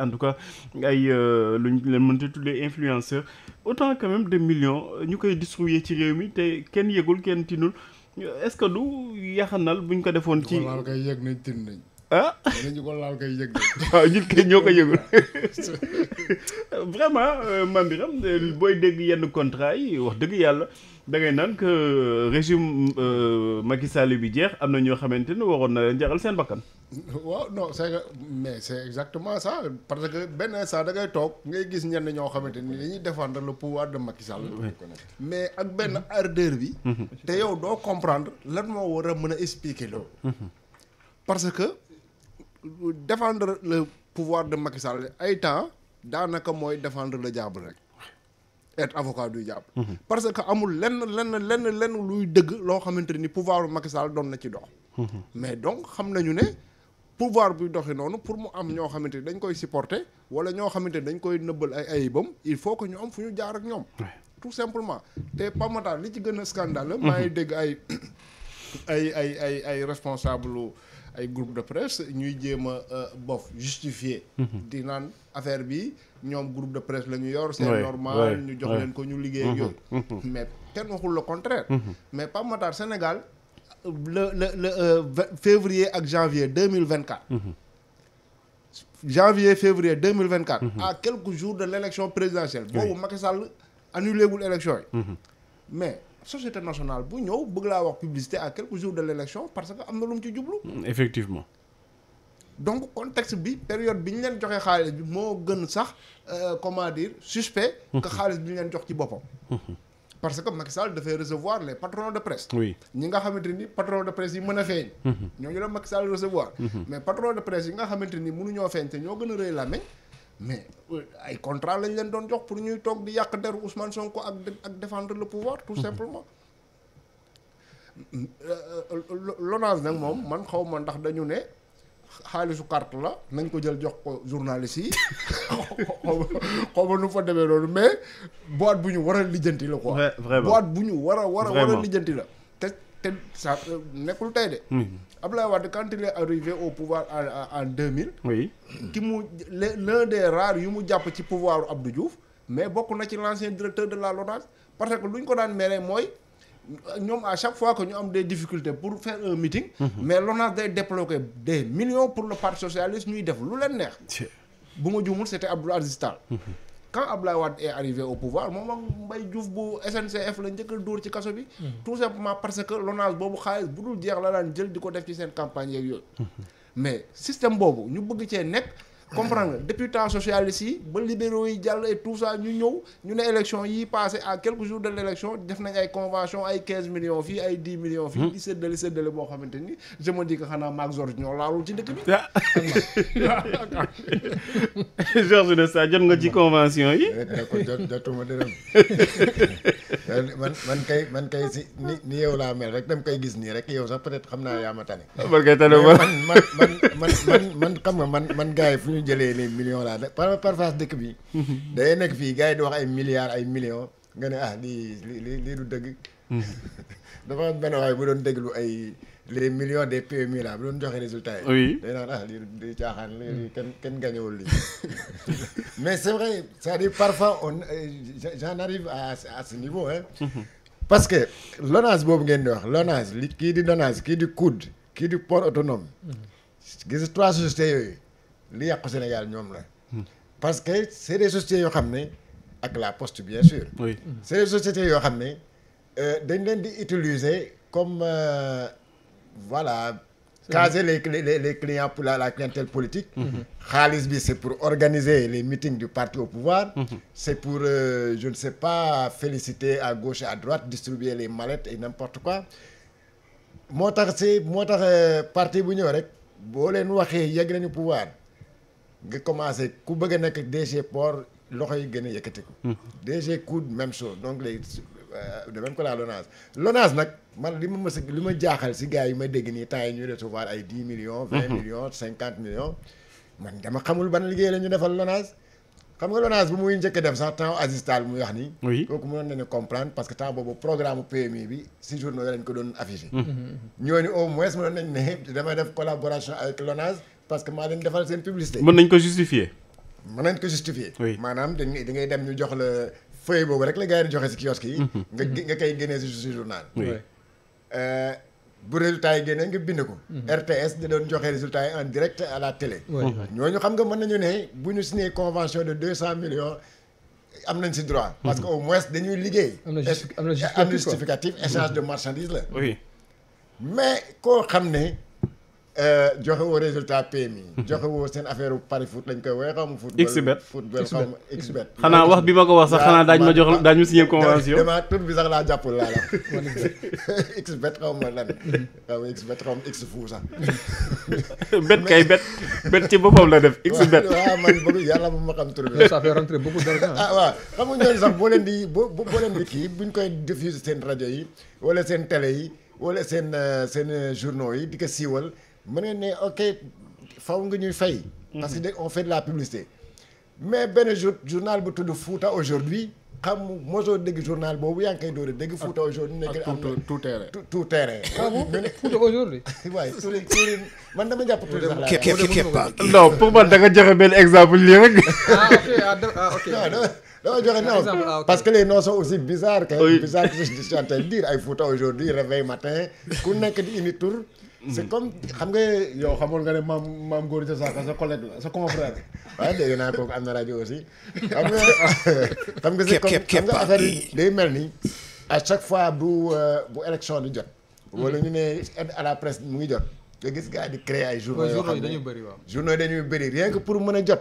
en tout cas ay euh, lu ñu leen mën ti tuddee influenceur autant quand même de millions euh, ñu koy distribuer ci réew mi te kenn yëgul kenn tinul est-ce que du yaxanal buñ ko defoon ci laal koy yëg nañ tin nañ ah dañu ko laal koy yëg nañ ah, vraiment euh, Mame booy dégg yenn contrat yi wax dëgg yàlla da ngay naan que régime euh, Macky Sall bi jeex am na ñoo xamante ni waroon na leen jaral seen bakkan. waaw non c'est mais c'est exactement ça parce que benn instant dangay toog ngay gis ñenn ñoo xamante ni dañuy défendre le pouvoir de Macky Sall. mais ak benn ardeur bi. te yow doo comprendre lan moo war a mën a expliquer loolu. parce que défendre le pouvoir de Macky ay temps daanaka mooy défendre la diable rek. être avocat du jàpp mhm. parce que amul lenn lenn lenn lenn luy dëgg loo xamante ni pouvoir Macky Sall doon na ci dox. Mhm. mais donc xam nañu ne pouvoir buy doxi noonu pour mu am ñoo xamante ni dañ koy supporter wala ñoo xamante ni dañ koy nëbbal ay ayibam il faut que ñu am fu ñu jaar ak ñoom. tout simplement te Pamata li ci gën a scandale. maa ngi mhm. dégg ay ay ay ay ay responsable ay groupe de presse ñuy jéem a euh, bof justifier mhm. di naan affaire bi ñoom groupe de presse la ñu yor c'est normal ñu jox leen ko ñu liggéey ak mhm. yooyu mhm. mais kenn waxul le contraire mais Pape Matar Sénégal le le le euh, février ak janvier deux mille vingt quatre janvier février deux mille vingt quatre à quelques jours de l' élection présidentielle boobu Macky Sall élection yi mais société nationale bu ñëw bëgg laa wax publicité à quelques jours de l'élection parce que am na lu mu ci jublu. Mm, effectivement. donc contexte bi période bi ñu leen joxe xaalis bi moo gën sax euh, comment dire suspect. que mm-hmm. xaalis bi ñu leen jox ci boppam. Mm-hmm. parce que Macky Sall dafay recevoir les patrons de presse. oui ñi nga xamante ni patron de presse yi mën a feeñ. Mm-hmm. ñooñu la Macky Sall mais patron de presse yi nga xamante ni mënuñoo feeñ te ñoo gën a rëy làmmiñ mais ay contrat lañ leen doon jox pour ñuy toog di yàq deru Ousmane Sonko ak ak défendre le pouvoir tout mhm. simplement euh, l'ONAS nag moom man xaw ma ndax dañu ne xaalisu carte la nañ ko jël jox ko journaliste yi xaw ma nu fa demee loolu mais boîte bu ñu war a lijjanti la quoi boîte bu ñu war a war a war a lijjanti la te ça euh, nekkul tey de. Hmm. Abdoulaye Wade quand il est arrivé au pouvoir en en deux mille. ki mu l'un des rares yu mu jàpp ci pouvoiru du Diouf mais bokk na ci l'ancien directeur de la LONASE parce que lu ñu ko daan meree mooy. ñoom à chaque fois que ñu am des difficultés pour faire un meeting mmh. mais l'ONAS day débloquer des millions pour le parti socialiste ñuy def lu leen neex bu ma juumul c'était Abdoul Aziz Tall mhm. quand Abdoulaye Wade est arrivé au pouvoir moom ak Mbaye Diouf bu SNCF la njëkkal a dóor ci kaso bi. Hmm. tout simplement parce que LONASE boobu xaalis bu dul jeex la daan jël di ko def ci seen campagne yeeg yooyu. Hmm. mais système boobu ñu bëgg cee nekk. comprendre nga temps socialiste yi ba libéraux yi jàll et tout ça ñu ñëw ñu ne élection yi passé à quelques jours de l' élection def nañ ay convention ay 15 millions fii ay 10 millions fii hmm. di séddale séddale boo xamante ni je me dis que xanaa maag George ñoo laalul ci dëkk bi George de jot nga ci convention yi eh, jotuma dërëm eh, man man kay man kay si ni ni laa mel rek dama koy gis nii rek yow sax peut-être xam naa yaa ma tane man kay tane man man man man man fu ñu ñu jëlee ne millions laa par parfois dëkk bi. day nekk fii gars yi di wax ay milliards ay millions nga ne ah lii lii lii du dëgg. dafa benn waay bu doon déglu ay les million des PMI là bu doon joxe résultat yi. oui day naan ah lii di caaxaan lii kenn kenn gañewul lii mais c'est vrai c'est-à-dire parfois on euh, j'en arrive à ce niveau parce que LONASE boobu ngeen di wax LONASE li kii di LONASE kii di COUD kii di port autonome. gis trois sociétés yooyu. li yàqu Sénégal ñoom la. parce que c' est des sociétés yoo xam ne ak la poste bien sûr. oui c' est yoo xam ne euh, dañ leen di utiliser comme euh, voilà. caser les les les client pour la la clientèle politique. Mm-hmm. xaalis bi c' pour organiser les meetings du parti au pouvoir. Mm-hmm. c' est pour euh, je ne sais pas féliciter à gauche et à droite distribuer les mallettes et n'importe quoi moo tax si moo tax euh, parti bu ñëw rek boo leen waxee yegg nañu pouvoir. nga commencé ku bëgg a nekk DG port loxo yi gën a yëkkatiku. Hmm. DG coude même chose donc léegi euh, de même que la LONASE LONASE nag man li ma mës a li ma jaaxal si gars yi ma dégg nii temps yi ñuy recevoir ay dix millions. vingt hmm. millions cinquante millions. man dama xamul ban liggéey la ñu defal LONASE xam nga LONASE bu muy njëkk a def sax temps Aziz Tall muy wax nii. oui kooku mënoon nañu comprendre parce que temps boobu programme PMI bi si journaux yi lañ ko doon parce que maa leen defal seen publicité. mën nañ ko justifier. mën nañ ko maanaam dañ da ngay dem ñu jox la feuille boobu rek la gars di joxe si kiosque yi. Mhm. nga nga koy génnee si journal. Euh, bu résultat yi génnee nga bind ko. Mhm. RTS da doon joxe résultat yi en direct à la télé. Mhm. ñu xam nga mën nañu ne bu ñu signé convention de deux cent millions. am nañ si droit. parce que au moins dañuy liggéey. am na justificatif am na justificatif échange de marchandise la. mais koo xam ne. Euh, joxe woo résultat PMI. Mhm. joxe woo seen affaire pari foot lañ koy waxee xamu. xbet football xamu xbet. xanaa wax bi ma ko wax sax xanaa daañu ma jox daañu ma signé convention. dama tur bi sax laa jàppul laa la. xbet xaw ma lan. Mhm. xaw ma xbet xaw ma x fu sax. bet kay bet bet ci boppam la def xbet. waaw man bëgg yàlla moom ma xam tur bi. ça fait rentrer beaucoup d'argent. ah waaw xam nga ñooñu sax boo leen di boo boo leen di kii buñ koy diffuser seen rajo yi wala seen télé yi wala seen euh, seen euh, journaux yi di ko siiwal. mën ngeen ne ok faw nga ñuy fay. parce que mhm. on fait la publicité. mais benn jour journal bu tudd Fouta aujourd'hui xam mosoo dégg journal boobu yaa ngi koy dóore dégg Fouta aujourd'hui nekk am na tout terrain tout terrain ah Fouta aujourd'hui man dama jàpp tuuri sax laa képp képp non pour man da nga joxe benn exemple lii rek ah, ah, ah joxe non parce que les noms sont aussi bizarres que bizarres que je suis en train de dire ay Fouta aujourd'hui réveil matin ku nekk di indi tur c'est mm. comme xam nga yow xamoon nga ne maam maam Góor sa saaka sa collègue la sa confrère. waaw ah, dégg naa kooku am na rajo aussi. xam nga xam nga comme nga affaire yi day mel ni à chaque fois bu euh, bu élection di jot. wala mm. ñu ne aide à la presse mu ngi jot. nga gis gars di créer ay journaux yoo xam dañuy bëri waaw. journaux dañuy bëri rien que pour mën a jot.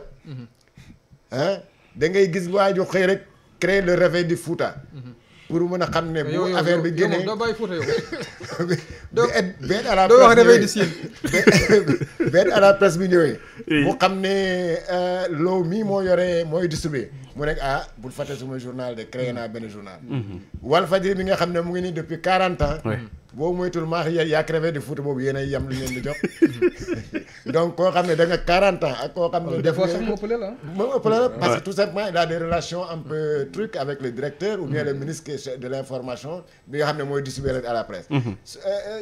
ah ngay gis waa ju rek créer le réveil du Fouta. Mm-hmm. pour mën a xam ne. bu affaire bi génnee yow bàyyi Fouta yow. wax dafay di siin benn à la presse bi ñëwee. mu xam ne euh, loo mii moo yore mooy distribué. mu nekk a ah, bul fàtte suma journal de créé mm-hmm. na benn journal. Walfadjri bi nga xam ne mu ngi nii depuis 40 ans. boo moytul maax yaa crevé de foot boobu yéen a yem lu leen li jox donc koo xam ne da nga 40 ans ak koo xam ne. des fois mu ëppale la la parce que tout simplement il a des relations un peu truc avec le directeur ou bien le mm-hmm. ministre de l' information bi nga xam ne mooy distribuer à la presse. Mm-hmm. Euh, euh,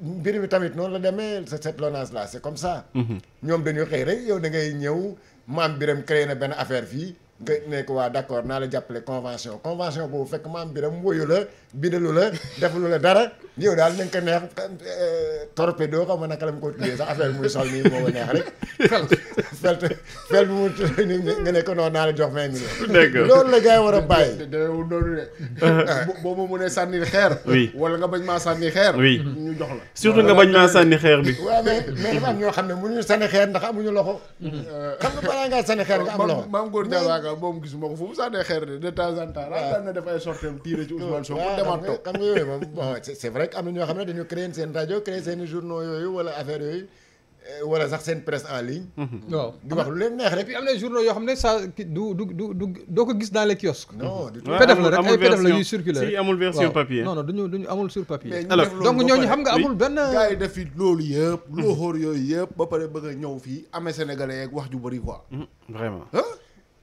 mbir mi tamit noonu la demee sa LONASE là c' est comme sa mm-hmm. ñoom dañu xëy rek yow da ngay ñëw maam biram créé na benn affaire fii. nga nekk waa d'accord naa la jàppale convention convention boobu fekk maam biram woyu la bindalu la defalu la dara yow daal nañ ko neex euh, torpedo xaw ma naka la mu ko tuddee sax affaire muy sol nii moo ma neex rek fel fel fel bi mu nga ne ko noonu naa la jox vingt millions loolu la gars yi war a bàyyi dawu doonu de uh-huh. boo ma mënee sànni xeer wala nga bañ maa sànni xeer ñu jox la surtout nga bañ maa sànni xeer bi waaw mais mais dafa am ñoo xam ne mënuñu sànni xeer ndax amuñu loxo mm-hmm. euh, xam nga balaa ngaa sànni xeer nga am loxo Ndiaga moom gisuma ko fu mu sànnee xeer de de temps en na def ay créer seen journaux yooyu wala affaire yooyu. Euh, wala sax seen presse en ligne. Mhm. waaw yoo xam ne saa du du du la rek ay PDF la yuy circulé rek amul papier. non non duñu duñu amul sur papier. alors donc ñooñu xam nga amul benn. gars yi def fi loolu yëpp. Mhm. loo xool yooyu yëpp ba pare bëgg a ñëw fii amee sénégalais yeeg wax ju bëri quoi. Mhm,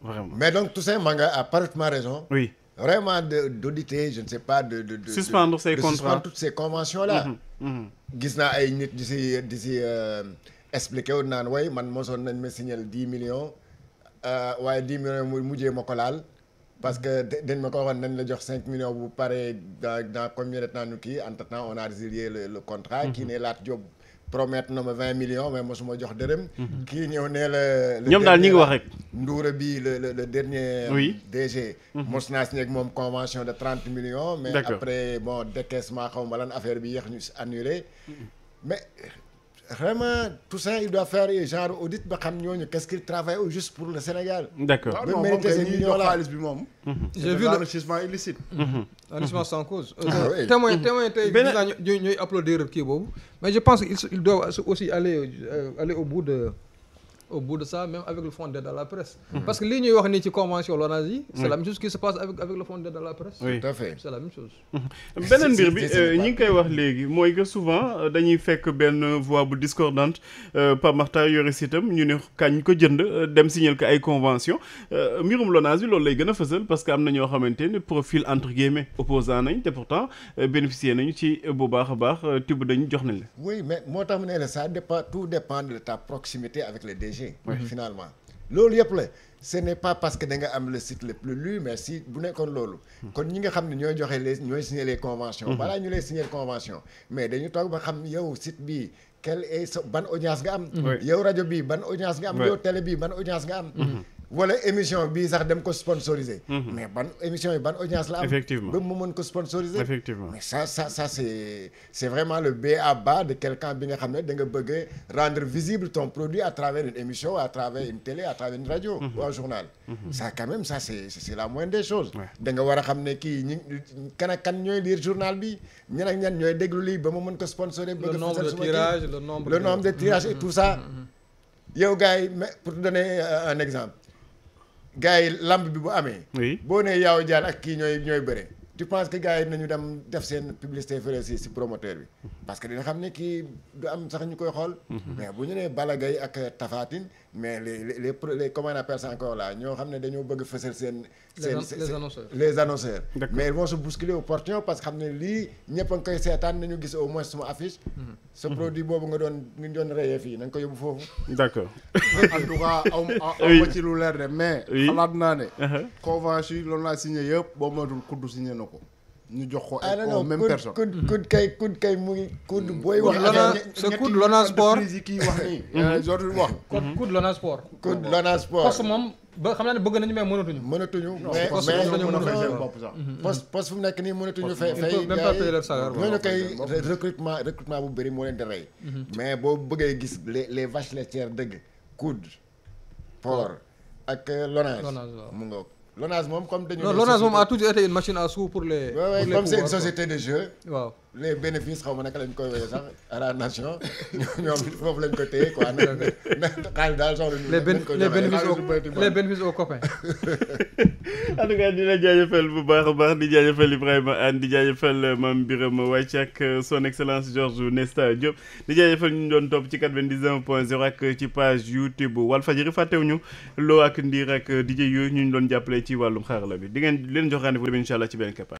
Vraiment. Mais donc Toussaint Manga a parfaitement raison. Oui. Vraiment d'auditer, je ne sais pas, de de suspendre ces contrats, toutes ces conventions mhm, mhm. gis naa ay nit di si di si euh, expliqué wu naan way man mosoon nañ ma signal dix millions euh, waaye dix millions mu mujjee ma ko laal parce que dañ ma ko waxoon nañ la jox cinq millions bu paree dans dans combien de temps ñu kii entre temps on a résilié le le contrat. Mhm. qui ne laat job promettre na ma vingt millions mais mosuma jox dërëm. Mhm. kii ñëw nee la. ñoom daal ñi ngi wax rek. Ndoura bii le le dernier. oui mhm. mos naa si nekk moom convention de trente millions. mais après bon décaissement xaw ma lan affaire bi yéex ñu si annulé. Mhm. mais vraiment tout ça il doit faire genre audit ba xam ñooñu qu'est-ce qu'il travaille juste pour le Sénégal. d'accord accord ba millions la bi moom. j'ai vu l'enrichissement illicite. Onesmus Sonko euh, ah témoin mm-hmm. témoin tey gis naa ñooy applaudir kii boobu mais je pense qu'ils doivent aussi aller euh, aller au bout de au bout de ça même avec le fonds mhm. parce que li ñuy wax nii ci convention l'ONAS yi. c'est chose qui se passe avec avec le fonds d'aide la presse. oui chose. Mhm. beneen mbir bi euh, ñi ngi koy wax léegi mooy que souvent euh, dañuy fekk benn voix bu discordante euh, Pape Makhtar yore sitam ñu ne kañ ko jënd dem signer ko ay convention mbirum l'ONAS bi loolu lay gën a fësal parce que am na ñoo xamante ne profil entre guillemets opposant nañ te pourtant bénéficier nañu ci bu baax a baax tibb dañu jox nañ la. oui mais moo tax mu ne la ça dépend tout dépend de ta privilégié. Mhm. finalement loolu yëpp la ce n'est pas parce que da am le site le plus lu mais si bu nekkoon loolu. Mhm. kon ñi nga xam ne ñooy joxe les ñooy signer les mhm. balaa ñu lay signer convention mais dañu toog ba xam yow site bi quel est ban audience nga am. yow rajo bi ban audience nga am. yow télé bi ban audience nga am. wala émission bii sax dem ko sponsoriser. Mhm. mais ban émission yi ban audience la am. effectivement ba mu mën ko sponsoriser. effectivement mais ça ça ça c' est vraiment le B à bas de quelqu'un bi nga xam ne da nga bëgg rendre visible ton produit à travers une émission à travers une télé à travers une radio. Mhm. ou un journal. Mhm. ça quand même ça la moindre des choses. da nga war a xam ne kii ñi kan ak ñooy lire journal bi ñan ak ñan ñooy déglu lii ba mu mën ko sponsoriser. bëgg le nombre de tirage le nombre yi mais pour euh, exemple. gars yi lamb bi bu amee. oui boo nee yaaw jaan ak kii ñooy ñooy bëre. tu penses que gars yi nañu dem def seen publicité fële si si promoteur bi. parce que dina xam ne kii du am sax ñu koy xool. Mhm. mais bu ñu nee Balla ak Tapha mais les les les comment on appelle encore là ñoo xam ne dañoo bëgg a fësal seen. seen les annonceurs les annonceurs. mais ils vont se bousculer au portillon parce que xam ne lii ñëpp a ngi koy seetaan nañu gis au moins suma affiche. sa mhm. produit boobu nga doon nga doon reyee fii na ko yóbbu foofu. d' accord. en tout cas aw ma lu leer de mais. xalaat naa ne. Uh-huh. convention yi loolu laa signé yëpp boo moytuwul kuddu signé na ko. ñu jox ko ay aux mêmes personnes ah non non kud kay kud kay mu ngi mm-hmm. booy. wax sa kud Lona sport ñetti kii wax nii. Euh, jotul wax. kud mm-hmm. Lona sport. kud Lona sport moom ba xam naa ne bëgg nañu mais mënatuñu. mënatuñu mais mais poste mu nekk nii mënatuñu. fay fay ñooñu kay recrutement recrutement bu bëri moo leen di rey. Mm-hmm. mais boo bëggee gis les les vaches laitières dëgg. kud port ak euh, Lonase mu ngoog. Lonase moom comme dañu. non Lonase moom a toujours été une machine à sous pour les. pour les comme c'est une société de jeu. waaw. les bénéfice xaw ma naka lañ koy wooyee sax à la nation ñoom foofu lañ ko téye quoi na na xaalis daal soxla ñu. les bénéfices les bénéfices aux copains. en tout cas di la jaajëfal bu baax a baax di jaajëfal Ibrahima Anne di jaajëfal euh, Mame Birame Wathie ak euh, son excellence Georges Nesta Diop di jaajëfal ñu doon topp ci 99 point 0 ak euh, ci page YouTube Walfadjri fàttewuñu loo ak ndiir ak DJ yooyu ñu doon jàppale ci wàllum xarala bi di ngeen leen jox rendez-vous incha allah ci benn